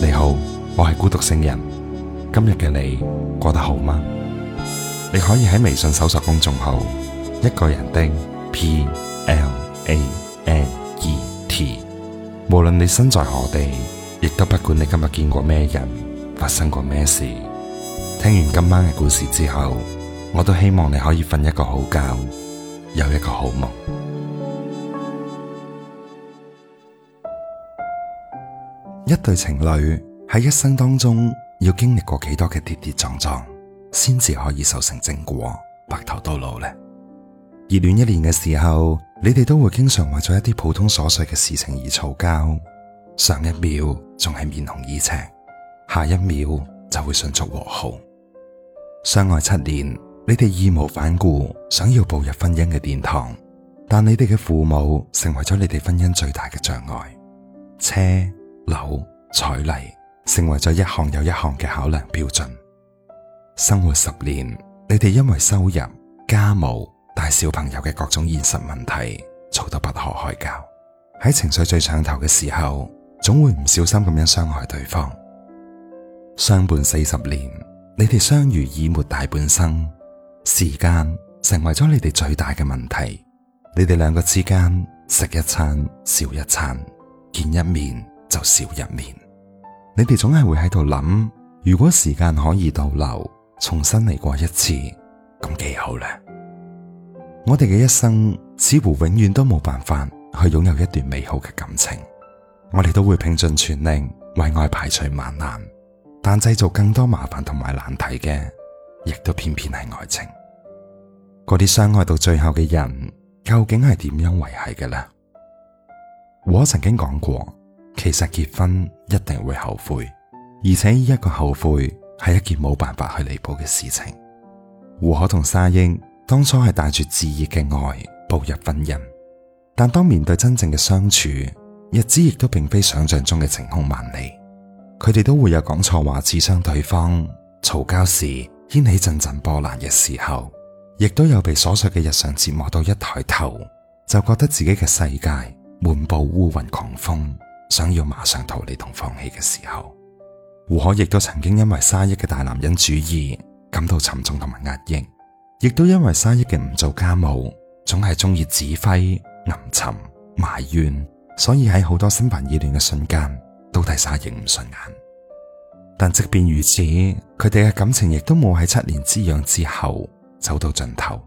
你好，我係孤獨星人。今日嘅你過得好嗎？你可以喺微信搜索公眾號一個人的 P L A N E T，無論你身在何地，亦都不管你今日見過咩人，發生過咩事。聽完今晚嘅故事之後，我都希望你可以瞓一個好覺，有一個好夢。一對情侶喺一生當中要經歷過幾多嘅跌跌撞撞，先至可以修成正果，白頭到老呢？熱戀一年嘅時候，你哋都會經常為咗一啲普通瑣碎嘅事情而嘈交，上一秒仲係面紅耳赤，下一秒就會迅速和好。相愛七年，你哋義無反顧想要步入婚姻嘅殿堂，但你哋嘅父母成為咗你哋婚姻最大嘅障礙。車。樓彩禮成為咗一項又一項嘅考量標準。生活十年，你哋因為收入、家務、帶小朋友嘅各種現實問題，吵到不可開交。喺情緒最上頭嘅時候，總會唔小心咁樣傷害對方。相伴四十年，你哋相濡以沫大半生，時間成為咗你哋最大嘅問題。你哋兩個之間，食一餐，笑一餐，見一面。就少一面，你哋總係會喺度諗，如果時間可以倒流，重新嚟過一次，咁幾好呢？我哋嘅一生，似乎永遠都冇辦法去擁有一段美好嘅感情，我哋都會拼盡全力為愛排除萬難，但製造更多麻煩同埋難題嘅，亦都偏偏係愛情。嗰啲相愛到最後嘅人，究竟係點樣維繫嘅呢？我曾經講過。其實結婚一定會後悔，而且呢一個後悔係一件冇辦法去彌補嘅事情。胡可同沙英當初係帶住熾熱嘅愛步入婚姻，但當面對真正嘅相處，日子亦都並非想象中嘅晴空萬里。佢哋都會有講錯話刺傷對方、嘈交時掀起陣陣波瀾嘅時候，亦都有被瑣碎嘅日常折磨到一抬頭就覺得自己嘅世界滿布烏雲狂風。想要馬上逃離同放棄嘅時候，胡可亦都曾經因為沙溢嘅大男人主義感到沉重同埋壓抑，亦都因為沙溢嘅唔做家務，總係中意指揮、吟沉、埋怨，所以喺好多心煩意亂嘅瞬間都睇沙溢唔順眼。但即便如此，佢哋嘅感情亦都冇喺七年之癢之後走到盡頭，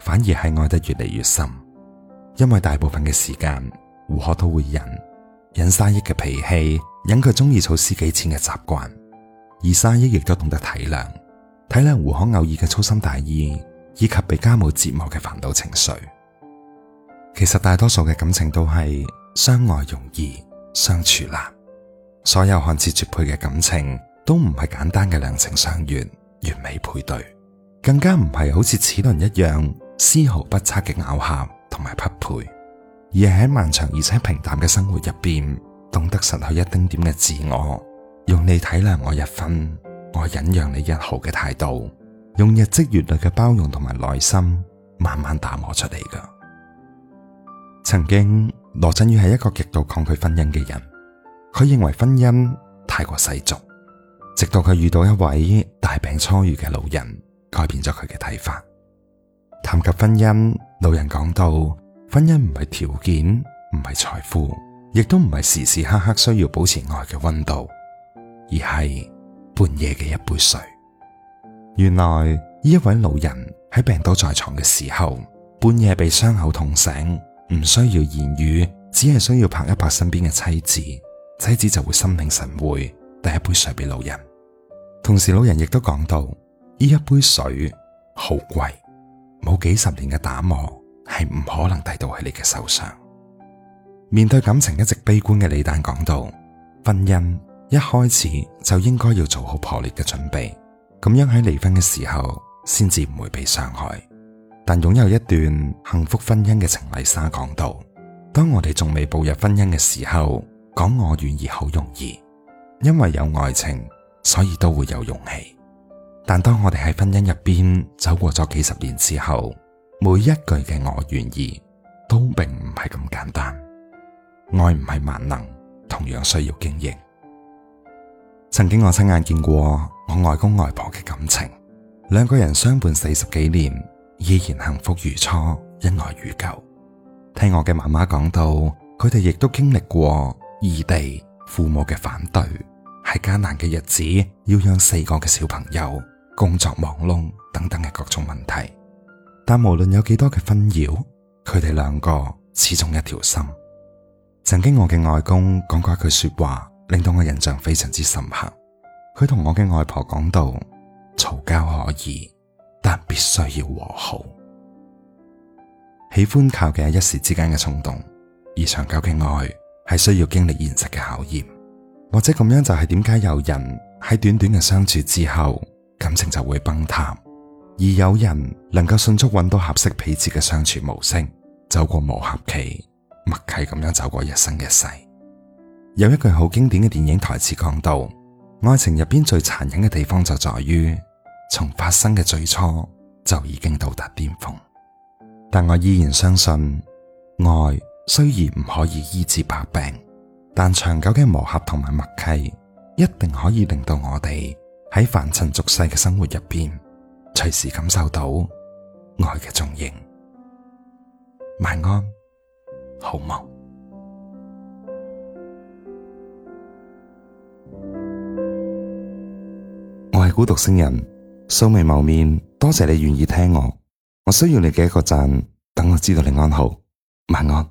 反而係愛得越嚟越深，因為大部分嘅時間胡可都會忍。忍沙溢嘅脾氣，忍佢中意儲私己錢嘅習慣，而沙溢亦都懂得體諒，體諒胡可偶爾嘅粗心大意，以及被家務折磨嘅煩惱情緒。其實大多數嘅感情都係相愛容易，相處難，所有看似絕配嘅感情都唔係簡單嘅兩情相悅、完美配對，更加唔係好似齒輪一樣絲毫不差嘅咬合同埋匹配。而係喺漫長而且平淡嘅生活入邊，懂得失去一丁點嘅自我，用你體諒我一分，我忍讓你一毫嘅態度，用日積月累嘅包容同埋耐心，慢慢打磨出嚟嘅。曾經，羅振宇係一個極度抗拒婚姻嘅人，佢認為婚姻太過世俗。直到佢遇到一位大病初愈嘅老人，改變咗佢嘅睇法。談及婚姻，老人講到。婚姻唔係條件，唔係財富，亦都唔係時時刻刻需要保持愛嘅溫度，而係半夜嘅一杯水。原來呢一位老人喺病倒在床嘅時候，半夜被傷口痛醒，唔需要言語，只係需要拍一拍身邊嘅妻子，妻子就會心領神會，遞一杯水俾老人。同時，老人亦都講到呢一杯水好貴，冇幾十年嘅打磨。係唔可能遞到喺你嘅手上。面對感情一直悲觀嘅李誕講到：婚姻一開始就應該要做好破裂嘅準備，咁樣喺離婚嘅時候先至唔會被傷害。但擁有一段幸福婚姻嘅程麗莎講到：當我哋仲未步入婚姻嘅時候，講我願意好容易，因為有愛情，所以都會有勇氣。但當我哋喺婚姻入邊走過咗幾十年之後，每一句嘅我願意都並唔係咁簡單，愛唔係萬能，同樣需要經營。曾經我親眼見過我外公外婆嘅感情，兩個人相伴四十幾年，依然幸福如初，恩愛如舊。聽我嘅媽媽講到，佢哋亦都經歷過異地、父母嘅反對，係艱難嘅日子，要養四個嘅小朋友工作忙碌等等嘅各種問題。但無論有幾多嘅紛擾，佢哋兩個始終一條心。曾經我嘅外公講過一句說話，令到我印象非常之深刻。佢同我嘅外婆講到：嘈交可以，但必須要和好。喜歡靠嘅係一時之間嘅衝動，而長久嘅愛係需要經歷現實嘅考驗。或者咁樣就係點解有人喺短短嘅相處之後，感情就會崩塌。而有人能夠迅速揾到合適彼此嘅相處模式，走過磨合期，默契咁樣走過一生一世。有一句好經典嘅電影台詞講到：愛情入邊最殘忍嘅地方就在於，從發生嘅最初就已經到達巔峰。但我依然相信，愛雖然唔可以醫治百病，但長久嘅磨合同埋默契，一定可以令到我哋喺凡塵俗世嘅生活入邊。.隨時感受到愛嘅重影，晚安，好夢。我係孤獨星人，素未謀面，多謝你願意聽我。我需要你嘅一個讚，等我知道你安好。晚安。